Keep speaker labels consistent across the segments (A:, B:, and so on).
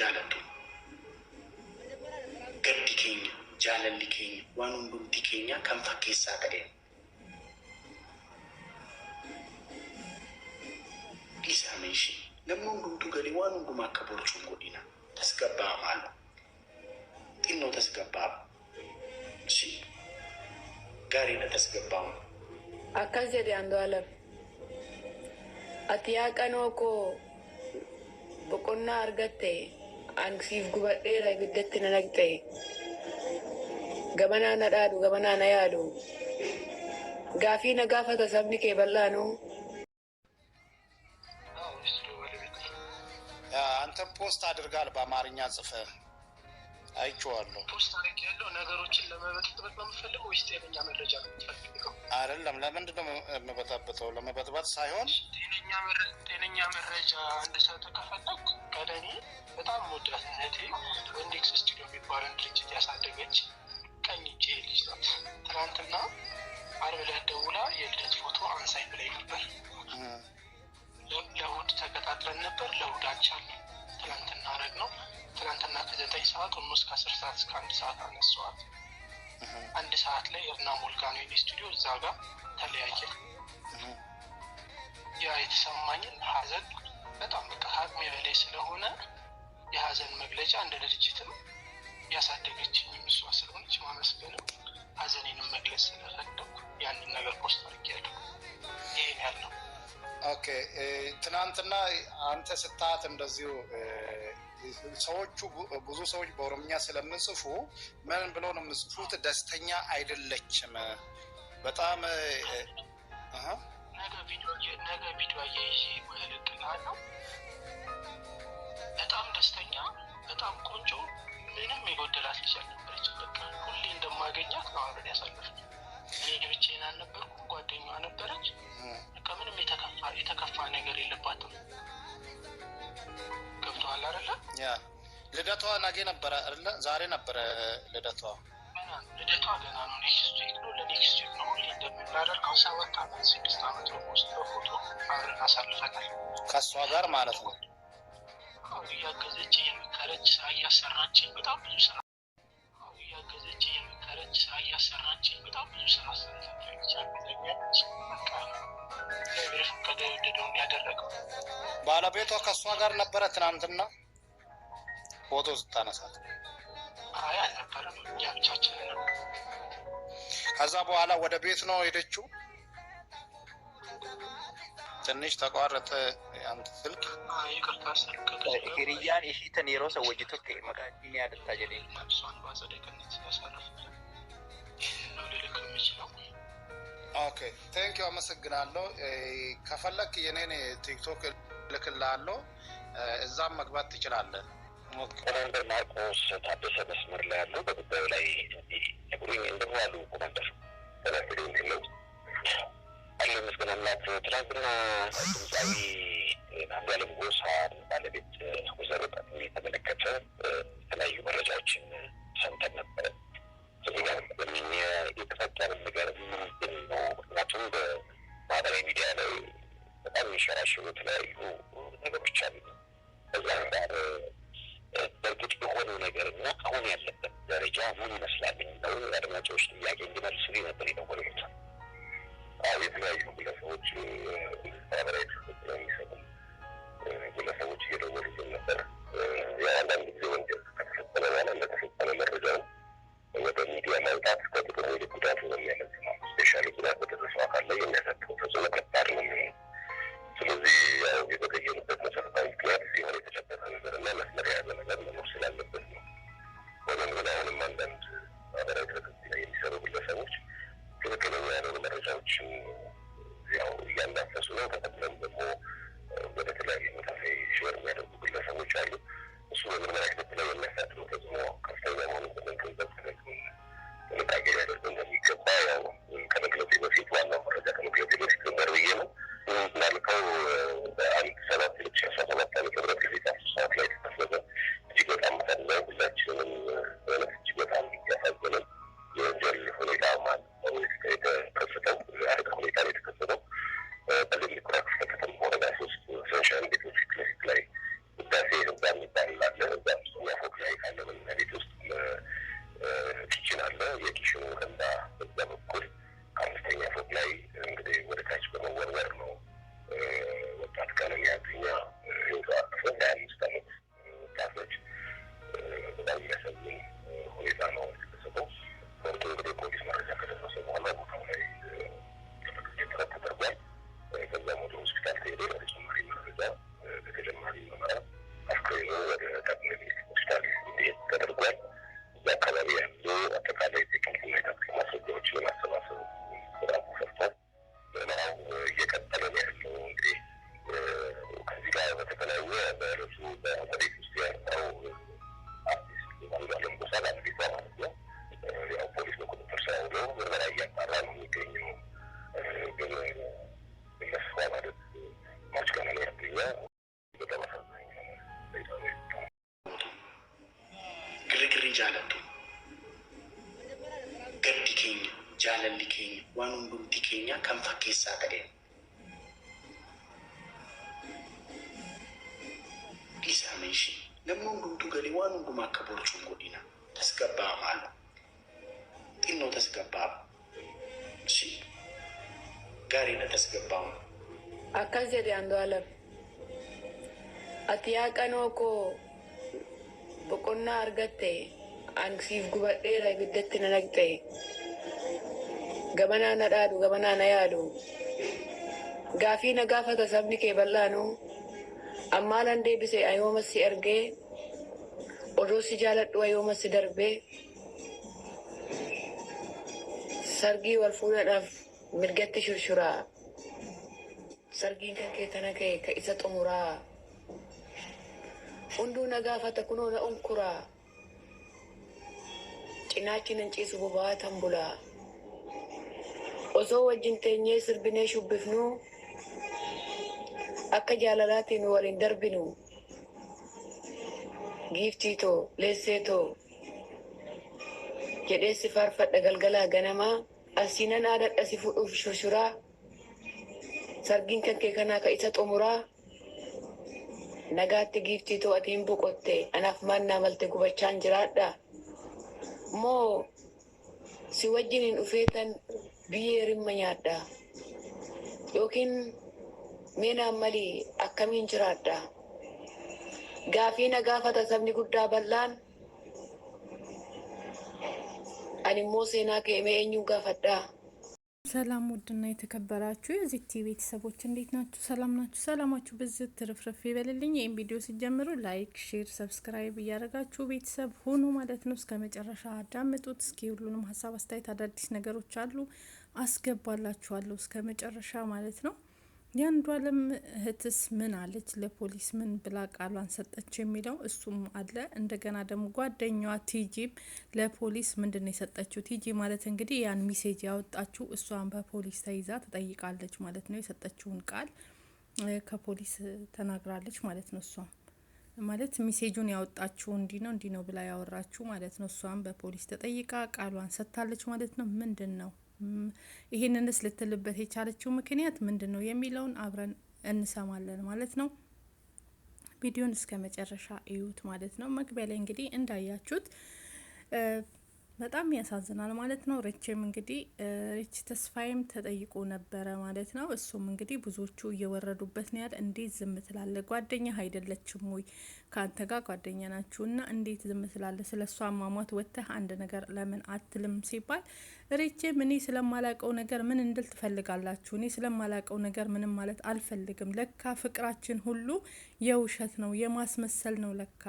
A: ጃለቱ gaddi keenya jaalalli keenya waan hundumti keenya kan fakkeessaa ta'e dhiisaameen ishee namni hundumtuu galee waan hundumaa akka borcuun godhina tasgabba'amaal xinnoo tasgabba'ama ishee gaariidha tasgabba'amu.
B: akkas jedhe andu'aalam ati yaa qanoo koo boqonnaa argatte. ansiif gubadheera ibiddatti na naqxee gabanaa na dhaadu gabanaa na yaadu gaafii na gaafata sabni kee bal'aanu.
A: አንተ ፖስት አድርጋል በአማርኛ ጽፈህ አይቼዋለሁ።
C: ፖስት አድርግ ያለው ነገሮችን ለመበጥበጥ ነው የምፈልገው ወይስ ጤነኛ መረጃ ነው
A: የምፈልገው? አይደለም። ለምንድን ነው የምበጣበጠው? ለመበጥበጥ ሳይሆን
C: ጤነኛ መረጃ እንድሰጥ ከፈለግ ቀደኔ በጣም ወዳት እህቴ ኢንዴክስ ስቱዲዮ የሚባለን ድርጅት ያሳደገች ቀኝ እጄ ልጅ ናት። ትናንትና አርብ ዕለት ደውላ የልደት ፎቶ አንሳይ ብላኝ ነበር። ለእሑድ ተቀጣጥረን ነበር። ለእሑድ አልቻልንም። ትናንትና አረግ ነው ትናንትና ከዘጠኝ ሰዓት ሁኖ እስከ አስር ሰዓት እስከ አንድ ሰዓት አነሰዋት አንድ ሰዓት ላይ እርና ሞልጋኖ የኔ ስቱዲዮ እዛ ጋር ተለያየ። ያ የተሰማኝን ሀዘን በጣም በቃ ሀቅሜ በላይ ስለሆነ የሀዘን መግለጫ እንደ ድርጅትም ያሳደገችኝ እሷ ስለሆነች ማመስገንም ሀዘኔንም መግለጽ ስለፈለኩ ያንን ነገር ፖስት አድርጌያለሁ። ይህን ያለው
A: ኦኬ። ትናንትና አንተ ስታት እንደዚሁ ሰዎቹ ብዙ ሰዎች በኦሮምኛ ስለምጽፉ ምን ብለው ነው የምጽፉት? ደስተኛ አይደለችም በጣም
C: ነገ ቪዲዮ በጣም ደስተኛ በጣም ቆንጆ ምንም የጎደላት ልጅ አልነበረች። በቃ ሁሌ እንደማገኛት ነው አብረን ያሳለፍነው። እኔ ብቻዬን አልነበርኩም፣ ጓደኛዋ ነበረች። በቃ ምንም የተከፋ ነገር የለባትም። ገብተዋል አይደለ?
A: ያ ልደቷ ነገ ነበረ አይደለ? ዛሬ ነበረ ልደቷ።
C: ልደቷ ገና ነው። ኔክስት ዊክ ነው። ለኔክስት ዊክ ነው ሁሌ እንደምናደርገው ሰባት አመት ስድስት ዓመት ነው ውስጥ በፎቶ አብረን
A: አሳልፈናል። ከእሷ ጋር ማለት ነው።
C: እያገዘች የምከረች ስራ እያሰራችን በጣም ብዙ ስራ ስራ በጣም ብዙ ስራ ሰርታለች። ያደረገው።
A: ባለቤቷ ከእሷ ጋር ነበረ። ትናንትና ፎቶ ስታነሳት
C: አይ አልነበረም፣ እኛ ነበር።
A: ከዛ በኋላ ወደ ቤት ነው ሄደችው። ትንሽ ተቋረጠ አንተ ስልክ። ሂርያን ኢሺተን የሮ ሰወጅቶክ
C: ልልክ የምችለው።
A: ኦኬ ቴንኪው፣ አመሰግናለሁ። ከፈለክ የኔን ቲክቶክ ልክላለሁ፣ እዛም መግባት ትችላለን።
D: ኮማንደር ማርቆስ ታደሰ መስመር ላይ ያለው በጉዳዩ ላይ ነግሩኝ እንደሁ አሉ ኮማንደር ተናግሩኝ ለው አለ መስገን አምላክ ትናንትና ድምፃዊ አንዱዓለም ጎሳ ባለቤት ወይዘሮ የሚችሉ የተለያዩ ነገሮች አሉ። ከዛ ጋር በእርግጥ የሆነው ነገር እና አሁን ያለበት ደረጃ ምን ይመስላል የሚለውን የአድማጮች ጥያቄ እንዲመልስ ነበር የደወልኩት። የተለያዩ ግለሰቦች ማህበራዊ ትስት የሚሰጡ ግለሰቦች እየደወሉልን ነበር። የአንዳንድ ጊዜ ወንጀል ከተፈጸመ በኋላ እንደተፈጸመ መረጃውን ወደ ሚዲያ ማውጣት ከጥቅሙ ይልቅ ጉዳቱ ነው የሚያመዝነው። ስፔሻሊ ጉዳት በደረሰው አካል ላይ የሚያሳትፈው ተጽዕኖ ya acabaría. Yo acabaré
A: ሳመንሺ ለምኑ ንዱንቱ ገሌ ዋን ንዱ ማከቦርቹን ጎዲና ተስገባ ማሉ ጢኖ ተስገባ እሺ ጋሪ ነ ተስገባ
B: አካዝ አንዱ አለም አትያ በቆና አርገቴ አንክሲፍ ጉበጤ ላይ ግደት ነነግጤ ገበና ነዳዱ ገበና ነያዱ ጋፊ ነጋፈተ ሰብኒ ኬ በላ nan deebisee ayoomas si ergee odoo si jaaladhu ayoomas si darbee sargii wal fuudhadhaaf mirgatti shurshuraa sargiin kan keetana ka'e ka isa xumuraa hunduu na gaafata kunoo na unkuraa cinaachi nan ciisu tan bulaa osoo wajjin teenyee sirbinee shubbifnuu. akka jaalalaatiin waliin darbinu giiftii too leessee too jedhee faarfadha galgalaa ganamaa asiinan aadadha si fuudhuuf shushuraa sargiin kan kanaa ka isa xumuraa nagaatti giiftii too hin boqotte anaaf maannaa malte gubachaan jiraadha moo si wajjiniin dhufeetan biyyee rimma nyaadha yookiin. meenaan malee akkamiin jiraadha? Gaafii na gaafata sabni guddaa bal'aan. Ani immoo seenaa keemee eenyuun gaafadhaa?
E: ሰላም ውድና የተከበራችሁ የዚህ ቤተሰቦች እንዴት ናችሁ? ሰላም ናችሁ? ሰላማችሁ ብዝት ትርፍርፍ ይበልልኝ። ይህም ቪዲዮ ሲጀምሩ ላይክ፣ ሼር፣ ሰብስክራይብ እያደረጋችሁ ቤተሰብ ሆኖ ማለት ነው። እስከ መጨረሻ አዳምጡት። እስኪ ሁሉንም ሀሳብ አስተያየት፣ አዳዲስ ነገሮች አሉ አስገባላችኋለሁ እስከ መጨረሻ ማለት ነው። አለም እህትስ ምን አለች? ለፖሊስ ምን ብላ ቃሏን ሰጠች? የሚለው እሱም አለ። እንደገና ደግሞ ጓደኛዋ ቲጂም ለፖሊስ ምንድን ነው የሰጠችው? ቲጂ ማለት እንግዲህ ያን ሚሴጅ ያወጣችው እሷን በፖሊስ ተይዛ ትጠይቃለች ማለት ነው። የሰጠችውን ቃል ከፖሊስ ተናግራለች ማለት ነው። እሷም ማለት ሚሴጁን ያወጣችው እንዲ ነው እንዲ ነው ብላ ያወራችው ማለት ነው። እሷም በፖሊስ ተጠይቃ ቃሏን ሰጥታለች ማለት ነው። ምንድን ነው ይህንንስ ልትልበት የቻለችው ምክንያት ምንድን ነው የሚለውን አብረን እንሰማለን ማለት ነው። ቪዲዮን እስከ መጨረሻ እዩት ማለት ነው። መግቢያ ላይ እንግዲህ እንዳያችሁት በጣም ያሳዝናል ማለት ነው። ሬችም እንግዲህ ሬች ተስፋዬም ተጠይቆ ነበረ ማለት ነው። እሱም እንግዲህ ብዙዎቹ እየወረዱበት ነው ያለ። እንዴት ዝም ትላለ? ጓደኛ አይደለችም ወይ? ከአንተ ጋር ጓደኛ ናችሁ እና እንዴት ዝም ትላለ? ስለ እሷ አሟሟት ወጥተህ አንድ ነገር ለምን አትልም? ሲባል ሬችም እኔ ስለማላቀው ነገር ምን እንድል ትፈልጋላችሁ? እኔ ስለማላቀው ነገር ምንም ማለት አልፈልግም። ለካ ፍቅራችን ሁሉ የውሸት ነው የማስመሰል ነው ለካ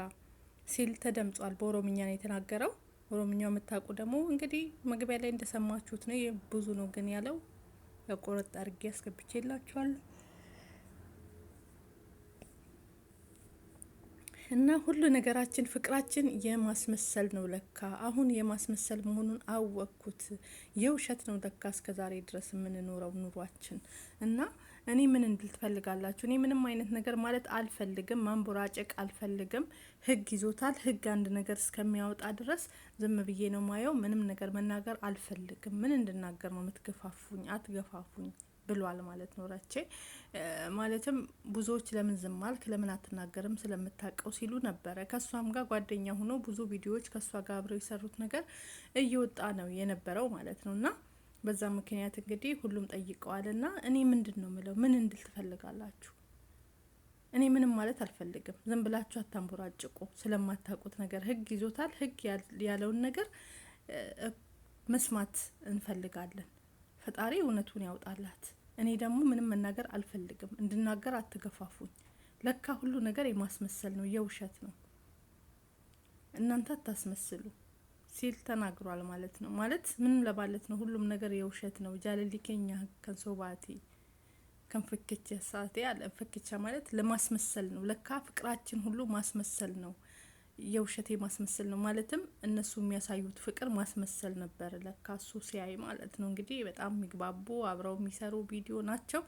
E: ሲል ተደምጿል። በኦሮምኛ ነው የተናገረው። ኦሮምኛው የምታውቁ ደግሞ እንግዲህ መግቢያ ላይ እንደሰማችሁት ነው። ብዙ ነው ግን ያለው ቆረጥ አድርጌ አስገብቼ እና ሁሉ ነገራችን ፍቅራችን የማስመሰል ነው ለካ። አሁን የማስመሰል መሆኑን አወቅኩት። የውሸት ነው ለካ እስከ ዛሬ ድረስ የምንኖረው ኑሯችን እና እኔ ምን እንድል ትፈልጋላችሁ? እኔ ምንም አይነት ነገር ማለት አልፈልግም፣ ማንቦራጨቅ አልፈልግም። ህግ ይዞታል። ህግ አንድ ነገር እስከሚያወጣ ድረስ ዝም ብዬ ነው ማየው። ምንም ነገር መናገር አልፈልግም። ምን እንድናገር ነው የምትገፋፉኝ? አትገፋፉኝ ብሏል ማለት ነው ረቼ። ማለትም ብዙዎች ለምን ዝም አልክ ለምን አትናገርም ስለምታውቀው ሲሉ ነበረ። ከእሷም ጋር ጓደኛ ሆኖ ብዙ ቪዲዮዎች ከእሷ ጋር አብረው የሰሩት ነገር እየወጣ ነው የነበረው ማለት ነው እና በዛ ምክንያት እንግዲህ ሁሉም ጠይቀዋል። እና እኔ ምንድን ነው ምለው ምን እንድል ትፈልጋላችሁ? እኔ ምንም ማለት አልፈልግም። ዝም ብላችሁ አታንቦራጭቁ። ስለማታውቁት ነገር ህግ ይዞታል። ህግ ያለውን ነገር መስማት እንፈልጋለን። ፈጣሪ እውነቱን ያውጣላት። እኔ ደግሞ ምንም መናገር አልፈልግም። እንድናገር አትገፋፉኝ። ለካ ሁሉ ነገር የማስመሰል ነው፣ የውሸት ነው። እናንተ አታስመስሉ። ሲል ተናግሯል ማለት ነው። ማለት ምንም ለማለት ነው? ሁሉም ነገር የውሸት ነው። ጃለሊኬኛ ከንሶባቴ ከንፈክቻ ሳቴ አለ። ፈክቻ ማለት ለማስመሰል ነው። ለካ ፍቅራችን ሁሉ ማስመሰል ነው፣ የውሸቴ ማስመሰል ነው። ማለትም እነሱ የሚያሳዩት ፍቅር ማስመሰል ነበር፣ ለካ እሱ ሲያይ ማለት ነው። እንግዲህ በጣም የሚግባቡ አብረው የሚሰሩ ቪዲዮ ናቸው።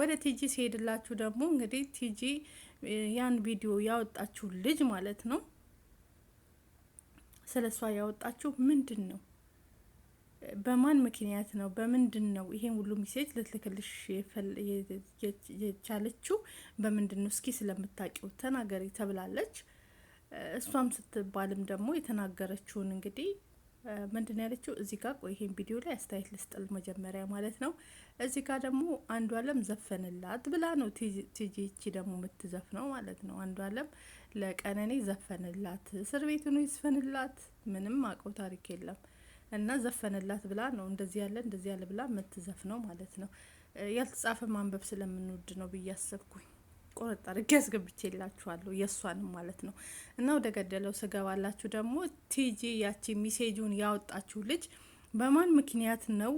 E: ወደ ቲጂ ሲሄድላችሁ ደግሞ እንግዲህ ቲጂ ያን ቪዲዮ ያወጣችሁ ልጅ ማለት ነው ስለ እሷ ያወጣችሁ ምንድን ነው? በማን ምክንያት ነው? በምንድን ነው ይሄን ሁሉ ሚሴጅ ልትልክልሽ የቻለችው? በምንድን ነው? እስኪ ስለምታውቂው ተናገሪ ተብላለች። እሷም ስትባልም ደግሞ የተናገረችውን እንግዲህ ምንድን ነው ያለችው? እዚህ ጋር ቆይ ይሄን ቪዲዮ ላይ አስተያየት ልስጥል መጀመሪያ ማለት ነው። እዚህ ጋር ደግሞ አንዱ አለም ዘፈንላት ብላ ነው ቲጂቺ ደግሞ የምትዘፍነው ማለት ነው። አንዱ አለም ለቀነኔ ዘፈንላት። እስር ቤት ሆኖ ይዝፈንላት። ምንም አውቀው ታሪክ የለም እና ዘፈንላት ብላ ነው እንደዚህ ያለ እንደዚህ ያለ ብላ የምትዘፍነው ማለት ነው። ያልተጻፈ ማንበብ ስለምንወድ ነው ብዬ አሰብኩኝ። ቆረጥ አድርጌ ያስገብቼላችኋለሁ የእሷንም ማለት ነው። እና ወደ ገደለው ስገባላችሁ ደግሞ ቲጂ ያቺ ሚሴጁን ያወጣችሁ ልጅ በማን ምክንያት ነው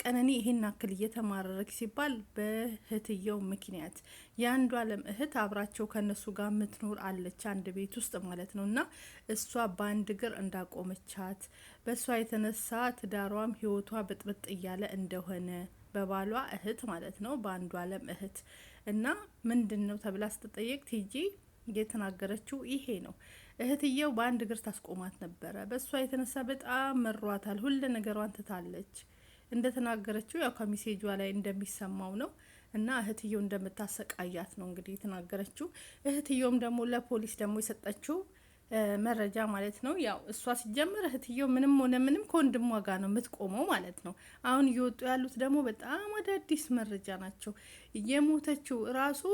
E: ቀነኒ ይሄን አክል እየተማረረች ሲባል በእህትየው ምክንያት የአንዱ አለም እህት አብራቸው ከነሱ ጋር ምትኖር አለች አንድ ቤት ውስጥ ማለት ነው። እና እሷ በአንድ እግር እንዳቆመቻት በእሷ የተነሳ ትዳሯም ህይወቷ ብጥብጥ እያለ እንደሆነ በባሏ እህት ማለት ነው፣ በአንዱ አለም እህት እና ምንድን ነው ተብላ ስትጠየቅ ቲጂ የተናገረችው ይሄ ነው። እህትየው በአንድ እግር ታስቆማት ነበረ። በእሷ የተነሳ በጣም መሯታል። ሁለ ነገሯን ትታለች። እንደተናገረችው ያው ከሚሴጇ ላይ እንደሚሰማው ነው እና እህትየው እንደምታሰቃያት ነው እንግዲህ የተናገረችው። እህትየውም ደግሞ ለፖሊስ ደግሞ የሰጠችው መረጃ ማለት ነው። ያው እሷ ሲጀምር እህትየው ምንም ሆነ ምንም ከወንድሟ ጋር ነው የምትቆመው ማለት ነው። አሁን እየወጡ ያሉት ደግሞ በጣም አዳዲስ መረጃ ናቸው። የሞተችው ራሱ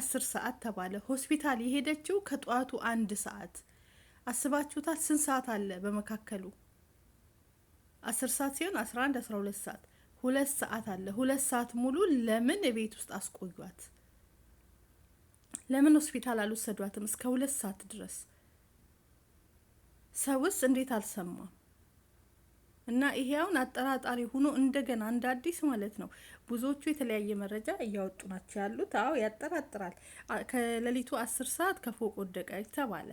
E: አስር ሰዓት ተባለ። ሆስፒታል የሄደችው ከጠዋቱ አንድ ሰዓት አስባችሁታል? ስንት ሰዓት አለ በመካከሉ? አስር ሰዓት ሲሆን አስራ አንድ አስራ ሁለት ሰዓት ሁለት ሰዓት አለ። ሁለት ሰዓት ሙሉ ለምን ቤት ውስጥ አስቆዩት? ለምን ሆስፒታል አልወሰዷትም? እስከ ሁለት ሰዓት ድረስ ሰውስ እንዴት አልሰማም? እና ይሄውን አጠራጣሪ ሆኖ እንደገና እንደ አዲስ ማለት ነው። ብዙዎቹ የተለያየ መረጃ እያወጡ ናቸው ያሉት። አዎ ያጠራጥራል። ከሌሊቱ አስር ሰዓት ከፎቅ ወደቀ ተባለ።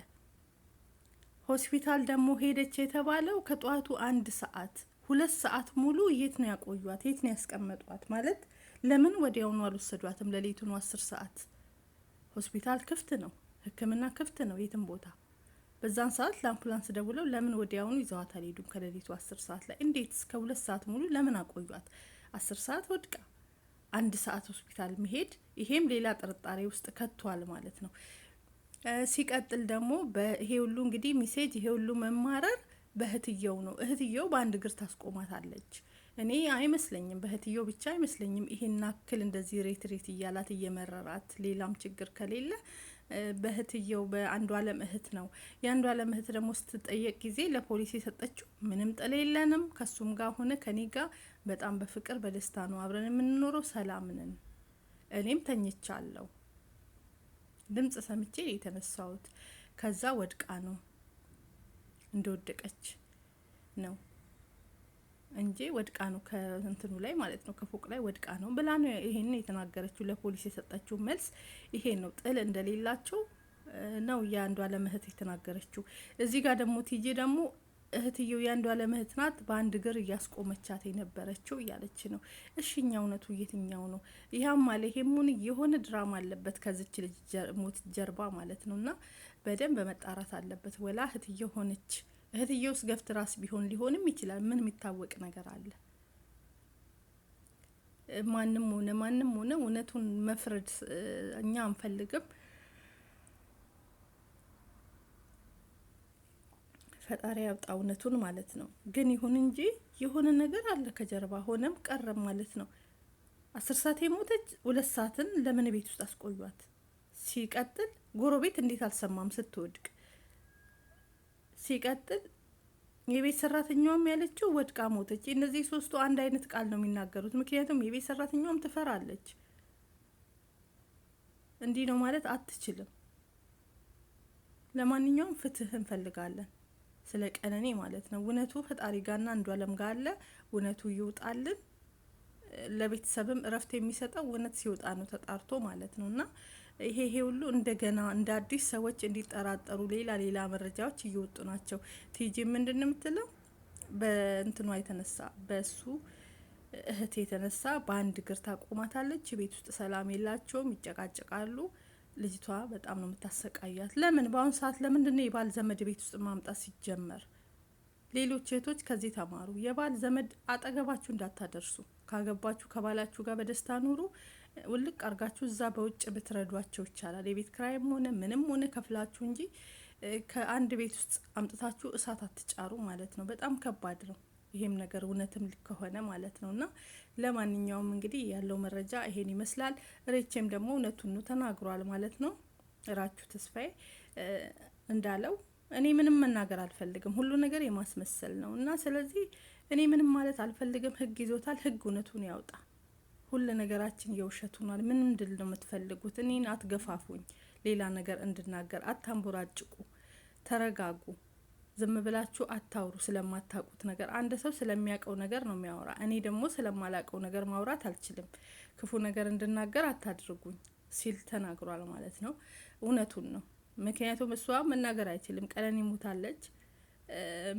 E: ሆስፒታል ደግሞ ሄደች የተባለው ከጠዋቱ አንድ ሰዓት ሁለት ሰዓት ሙሉ የት ነው ያቆዩት? የት ነው ያስቀመጧት? ማለት ለምን ወዲያውኑ አልወሰዷትም? ለሌቱኑ አስር ሰዓት ሆስፒታል ክፍት ነው፣ ህክምና ክፍት ነው የትም ቦታ። በዛን ሰዓት ለአምቡላንስ ደውለው ለምን ወዲያውኑ ይዘዋት አልሄዱም? ከሌሊቱ አስር ሰዓት ላይ እንዴት እስከ ሁለት ሰዓት ሙሉ ለምን አቆዩት? አስር ሰዓት ወድቃ አንድ ሰዓት ሆስፒታል መሄድ፣ ይሄም ሌላ ጥርጣሬ ውስጥ ከቷል ማለት ነው። ሲቀጥል ደግሞ ይሄ ሁሉ እንግዲህ ሚሴጅ ይሄ ሁሉ መማረር በእህትየው ነው። እህትየው በአንድ እግር ታስቆማታለች። እኔ አይመስለኝም፣ በእህትየው ብቻ አይመስለኝም። ይሄን አክል እንደዚህ ሬት ሬት እያላት እየመረራት ሌላም ችግር ከሌለ በእህትየው አለም እህት ነው። የአንዱ አለም እህት ደግሞ ስትጠየቅ ጊዜ ለፖሊስ የሰጠችው ምንም ጥል የለንም፣ ከሱም ጋር ሆነ ከኔ ጋር በጣም በፍቅር በደስታ ነው አብረን የምንኖረው፣ ሰላም ነን፣ እኔም ተኝቻለሁ ድምጽ ሰምቼ ነው የተነሳሁት። ከዛ ወድቃ ነው እንደወደቀች ነው እንጂ ወድቃ ነው ከእንትኑ ላይ ማለት ነው ከፎቅ ላይ ወድቃ ነው ብላ ነው ይሄን የተናገረችው። ለፖሊስ የሰጠችው መልስ ይሄ ነው። ጥል እንደሌላቸው ነው የአንዷ ለምህት የተናገረችው። እዚህ ጋር ደግሞ ቲጂ ደግሞ እህትየው የአንዷለም እህት ናት፣ በአንድ እግር እያስቆመቻት የነበረችው እያለች ነው። እሽኛ እውነቱ የትኛው ነው? ይህም አለ ይሄሙን የሆነ ድራማ አለበት ከዚች ልጅ ሞት ጀርባ ማለት ነው። እና በደንብ መጣራት አለበት። ወላ እህትየው ሆነች ውስጥ ገፍት ራስ ቢሆን ሊሆንም ይችላል። ምን የሚታወቅ ነገር አለ? ማንም ሆነ ማንም ሆነ እውነቱን መፍረድ እኛ አንፈልግም። ፈጣሪ ያውጣ እውነቱን ማለት ነው። ግን ይሁን እንጂ የሆነ ነገር አለ ከጀርባ ሆነም ቀረም ማለት ነው። አስር ሰዓት የሞተች ሁለት ሰዓትን ለምን ቤት ውስጥ አስቆዩት? ሲቀጥል ጎረቤት እንዴት አልሰማም ስትወድቅ? ሲቀጥል የቤት ሰራተኛውም ያለችው ወድቃ ሞተች። እነዚህ ሶስቱ አንድ አይነት ቃል ነው የሚናገሩት። ምክንያቱም የቤት ሰራተኛውም ትፈራለች። እንዲህ ነው ማለት አትችልም። ለማንኛውም ፍትህ እንፈልጋለን። ስለ ቀነኔ ማለት ነው። እውነቱ ፈጣሪ አንዱ አለም ጋር አለ። እውነቱ ይውጣልን። ለቤተሰብም እረፍት የሚሰጠው እውነት ሲወጣ ነው ተጣርቶ ማለት ነው። እና ይሄ ይሄ ሁሉ እንደገና እንደ አዲስ ሰዎች እንዲጠራጠሩ ሌላ ሌላ መረጃዎች እየወጡ ናቸው። ቲጂ ምንድን ነው የምትለው? በእንትኗ የተነሳ በሱ እህት የተነሳ በአንድ እግር ታቆማታለች። ቤት ውስጥ ሰላም የላቸውም፣ ይጨቃጨቃሉ። ልጅቷ በጣም ነው የምታሰቃያት። ለምን በአሁኑ ሰዓት ለምንድን ነው የባል ዘመድ ቤት ውስጥ ማምጣት ሲጀመር? ሌሎች እህቶች ከዚህ ተማሩ። የባል ዘመድ አጠገባችሁ እንዳታደርሱ። ካገባችሁ ከባላችሁ ጋር በደስታ ኑሩ። ውልቅ አርጋችሁ እዛ በውጭ ብትረዷቸው ይቻላል። የቤት ክራይም ሆነ ምንም ሆነ ከፍላችሁ እንጂ ከአንድ ቤት ውስጥ አምጥታችሁ እሳት አትጫሩ ማለት ነው። በጣም ከባድ ነው። ይሄም ነገር እውነትም ከሆነ ማለት ነው። እና ለማንኛውም እንግዲህ ያለው መረጃ ይሄን ይመስላል። ሬቼም ደግሞ እውነቱን ተናግሯል ማለት ነው። ራችሁ ተስፋዬ እንዳለው እኔ ምንም መናገር አልፈልግም፣ ሁሉ ነገር የማስመሰል ነው እና ስለዚህ እኔ ምንም ማለት አልፈልግም። ህግ ይዞታል፣ ህግ እውነቱን ያውጣ። ሁሉ ነገራችን የውሸት ሆኗል። ምን እንድል ነው የምትፈልጉት? እኔን አትገፋፉኝ፣ ሌላ ነገር እንድናገር አታንቦራጭቁ፣ ተረጋጉ። ዝም ብላችሁ አታውሩ። ስለማታውቁት ነገር አንድ ሰው ስለሚያውቀው ነገር ነው የሚያወራ። እኔ ደግሞ ስለማላውቀው ነገር ማውራት አልችልም። ክፉ ነገር እንድናገር አታድርጉኝ ሲል ተናግሯል ማለት ነው። እውነቱን ነው። ምክንያቱም እሷ መናገር አይችልም። ቀነኒ ሞታለች፣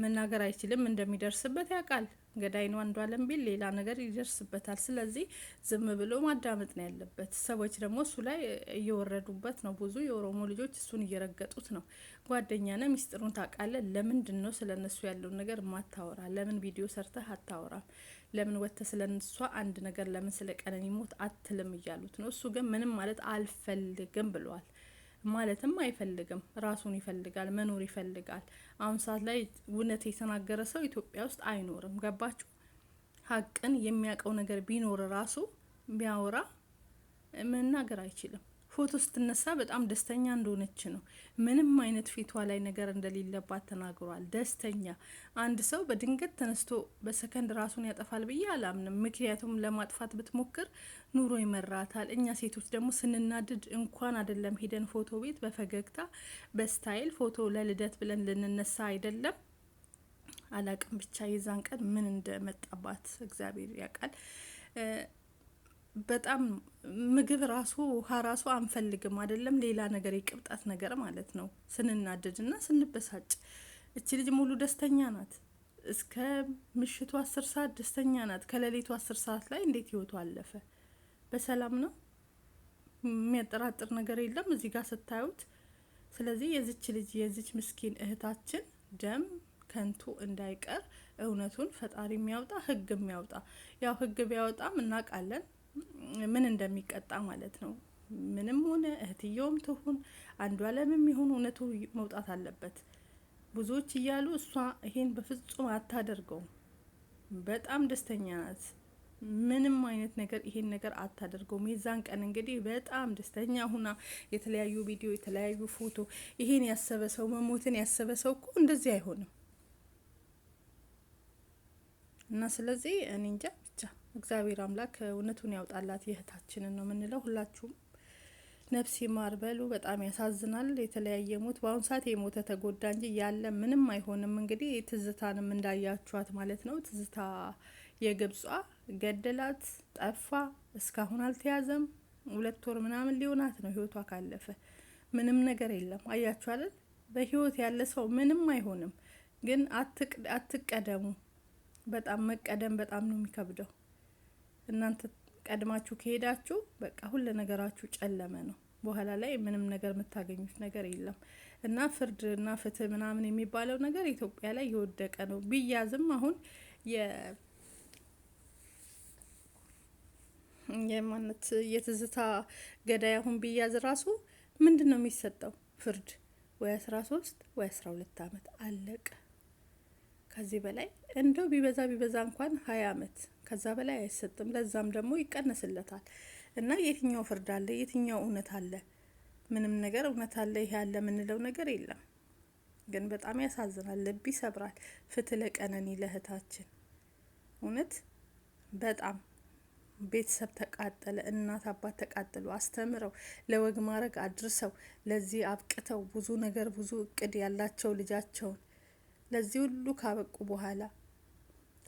E: መናገር አይችልም። እንደሚደርስበት ያውቃል። ገዳይ ነው አንዱ አለም ቢል ሌላ ነገር ይደርስበታል። ስለዚህ ዝም ብሎ ማዳመጥ ነው ያለበት። ሰዎች ደግሞ እሱ ላይ እየወረዱበት ነው። ብዙ የኦሮሞ ልጆች እሱን እየረገጡት ነው። ጓደኛ ነ ሚስጥሩን ታውቃለህ። ለምንድን ነው ስለ እነሱ ያለውን ነገር ማታወራ? ለምን ቪዲዮ ሰርተህ አታወራም? ለምን ወጥተህ ስለ እሷ አንድ ነገር ለምን ስለ ቀነኒ ሞት አትልም? እያሉት ነው። እሱ ግን ምንም ማለት አልፈልግም ብለዋል። ማለትም አይፈልግም። ራሱን ይፈልጋል፣ መኖር ይፈልጋል። አሁን ሰዓት ላይ እውነት የተናገረ ሰው ኢትዮጵያ ውስጥ አይኖርም። ገባችሁ? ሀቅን የሚያውቀው ነገር ቢኖር ራሱ ቢያወራ መናገር አይችልም። ፎቶ ስትነሳ በጣም ደስተኛ እንደሆነች ነው። ምንም አይነት ፊቷ ላይ ነገር እንደሌለባት ተናግሯል። ደስተኛ አንድ ሰው በድንገት ተነስቶ በሰከንድ ራሱን ያጠፋል ብዬ አላምንም። ምክንያቱም ለማጥፋት ብትሞክር ኑሮ ይመራታል። እኛ ሴቶች ደግሞ ስንናድድ እንኳን አይደለም ሄደን ፎቶ ቤት በፈገግታ በስታይል ፎቶ ለልደት ብለን ልንነሳ አይደለም አላቅም ብቻ የዛን ቀን ምን እንደመጣባት እግዚአብሔር ያውቃል። በጣም ምግብ ራሱ ውሃ ራሱ አንፈልግም፣ አይደለም ሌላ ነገር የቅብጣት ነገር ማለት ነው። ስንናደድ እና ስንበሳጭ እቺ ልጅ ሙሉ ደስተኛ ናት። እስከ ምሽቱ አስር ሰዓት ደስተኛ ናት። ከሌሊቱ አስር ሰዓት ላይ እንዴት ህይወቱ አለፈ? በሰላም ነው። የሚያጠራጥር ነገር የለም እዚህ ጋር ስታዩት። ስለዚህ የዚች ልጅ የዚች ምስኪን እህታችን ደም ከንቱ እንዳይቀር እውነቱን ፈጣሪ የሚያውጣ ህግ የሚያውጣ ያው ህግ ቢያወጣም እናውቃለን ምን እንደሚቀጣ ማለት ነው። ምንም ሆነ እህትየውም ትሁን አንዱ አለምም ይሁን እውነቱ መውጣት አለበት። ብዙዎች እያሉ እሷ ይሄን በፍጹም አታደርገውም። በጣም ደስተኛ ናት። ምንም አይነት ነገር ይሄን ነገር አታደርገውም። የዛን ቀን እንግዲህ በጣም ደስተኛ ሁና የተለያዩ ቪዲዮ፣ የተለያዩ ፎቶ ይሄን ያሰበ ሰው መሞትን ያሰበ ሰው እኮ እንደዚህ አይሆንም እና ስለዚህ እኔ እንጃ እግዚአብሔር አምላክ እውነቱን ያውጣላት የእህታችንን ነው የምንለው። ሁላችሁም ነፍስ ይማር በሉ። በጣም ያሳዝናል። የተለያየ ሞት በአሁኑ ሰዓት የሞተ ተጎዳ እንጂ ያለ ምንም አይሆንም። እንግዲህ ትዝታንም እንዳያችኋት ማለት ነው። ትዝታ የግብጿ ገደላት፣ ጠፋ፣ እስካሁን አልተያዘም። ሁለት ወር ምናምን ሊሆናት ነው ህይወቷ ካለፈ። ምንም ነገር የለም። አያችኋለን በህይወት ያለ ሰው ምንም አይሆንም። ግን አትቀደሙ። በጣም መቀደም በጣም ነው የሚከብደው። እናንተ ቀድማችሁ ከሄዳችሁ በቃ ሁሉ ነገራችሁ ጨለመ ነው። በኋላ ላይ ምንም ነገር የምታገኙት ነገር የለም እና ፍርድ እና ፍትህ ምናምን የሚባለው ነገር ኢትዮጵያ ላይ የወደቀ ነው። ቢያዝም አሁን የማነት የትዝታ ገዳይ አሁን ቢያዝ ራሱ ምንድን ነው የሚሰጠው ፍርድ ወይ አስራ ሶስት ወይ አስራ ሁለት አመት አለቀ። ከዚህ በላይ እንደው ቢበዛ ቢበዛ እንኳን ሀያ አመት ከዛ በላይ አይሰጥም፣ ለዛም ደግሞ ይቀነስለታል። እና የትኛው ፍርድ አለ? የትኛው እውነት አለ? ምንም ነገር እውነት አለ ይሄ አለ የምንለው ነገር የለም። ግን በጣም ያሳዝናል፣ ልብ ይሰብራል። ፍትህ ለቀነኒ ለእህታችን እውነት በጣም ቤተሰብ ተቃጠለ፣ እናት አባት ተቃጠሉ። አስተምረው ለወግ ማድረግ አድርሰው ለዚህ አብቅተው ብዙ ነገር ብዙ እቅድ ያላቸው ልጃቸውን ለዚህ ሁሉ ካበቁ በኋላ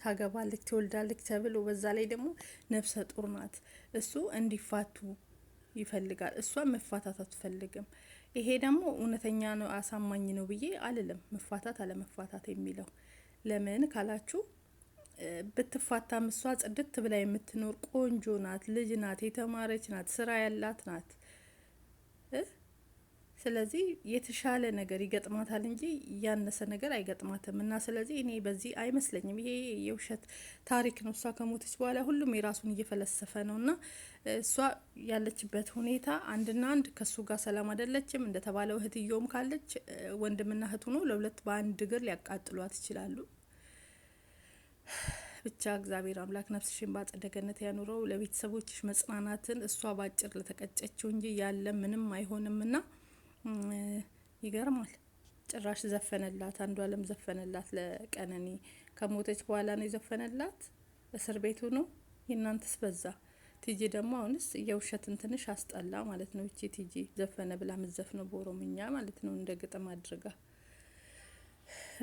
E: ታገባለች፣ ትወልዳለች ተብሎ በዛ ላይ ደግሞ ነፍሰ ጡር ናት። እሱ እንዲፋቱ ይፈልጋል፣ እሷ መፋታት አትፈልግም። ይሄ ደግሞ እውነተኛ ነው አሳማኝ ነው ብዬ አልልም። መፋታት አለመፋታት የሚለው ለምን ካላችሁ ብትፋታም እሷ ጽድት ብላ የምትኖር ቆንጆ ናት፣ ልጅ ናት፣ የተማረች ናት፣ ስራ ያላት ናት። ስለዚህ የተሻለ ነገር ይገጥማታል እንጂ ያነሰ ነገር አይገጥማትም። እና ስለዚህ እኔ በዚህ አይመስለኝም። ይሄ የውሸት ታሪክ ነው። እሷ ከሞተች በኋላ ሁሉም የራሱን እየፈለሰፈ ነው። እና እሷ ያለችበት ሁኔታ አንድና አንድ ከሱ ጋር ሰላም አይደለችም። እንደተባለው እህትዮም ካለች ወንድምና እህት ሆኖ ለሁለት በአንድ እግር ሊያቃጥሏት ይችላሉ። ብቻ እግዚአብሔር አምላክ ነፍስሽን በአጸደ ገነት ያኑረው፣ ለቤተሰቦችሽ መጽናናትን እሷ ባጭር ለተቀጨችው እንጂ ያለ ምንም አይሆንምና ይገርማል። ጭራሽ ዘፈነላት፣ አንዱ አለም ዘፈነላት ለቀነኒ ከሞተች በኋላ ነው የዘፈነላት። እስር ቤቱ ነው። የእናንተስ በዛ። ቲጂ ደግሞ አሁንስ የውሸትን ትንሽ አስጠላ ማለት ነው። እቺ ቲጂ ዘፈነ ብላ ምዘፍ ነው በኦሮምኛ ማለት ነው እንደ ግጥም አድርጋ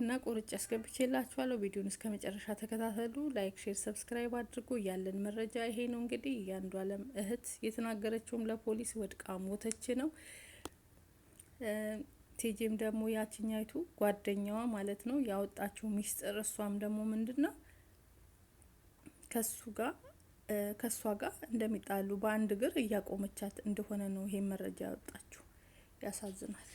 E: እና ቁርጭ ያስገብቼ የላችኋለሁ። ቪዲዮን እስከ መጨረሻ ተከታተሉ። ላይክ፣ ሼር፣ ሰብስክራይብ አድርጉ። ያለን መረጃ ይሄ ነው። እንግዲህ የአንዱ አለም እህት የተናገረችውም ለፖሊስ ወድቃ ሞተች ነው። ቲጂም ደግሞ ያችኛይቱ ጓደኛዋ ማለት ነው ያወጣችው ሚስጥር፣ እሷም ደግሞ ምንድን ነው ከሱ ጋር ከእሷ ጋር እንደሚጣሉ በአንድ እግር እያቆመቻት እንደሆነ ነው ይሄን መረጃ ያወጣችው ያሳዝናል።